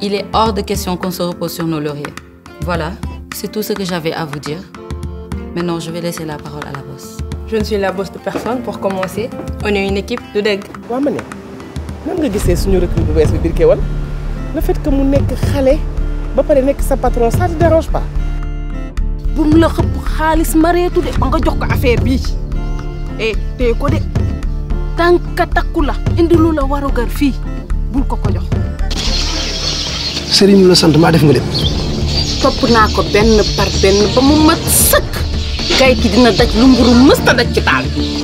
Il est hors de question qu'on se repose sur nos lauriers. Voilà, c'est tout ce que j'avais à vous dire. Maintenant, je vais laisser la parole à la bosse. Je ne suis la bosse de personne pour commencer. On est une équipe de deg. waa ma ne nan nga gisee suñu recrue bu bees bi biir le fait que mu nekk xale ba pare nekk sa patron ça te dérange pas. bu mu la xëpp xaalis mareetu de ba nga jox ko affaire bii eh téye ko de tànka takku la indilu la warugar fii bul ko ko jox. sëriñ bi la sant maa def nga lépp. topp naa ko benn par benn ba mu mat sëkk. kay ki dina daj lu mburu mës ta daj ci taal bi.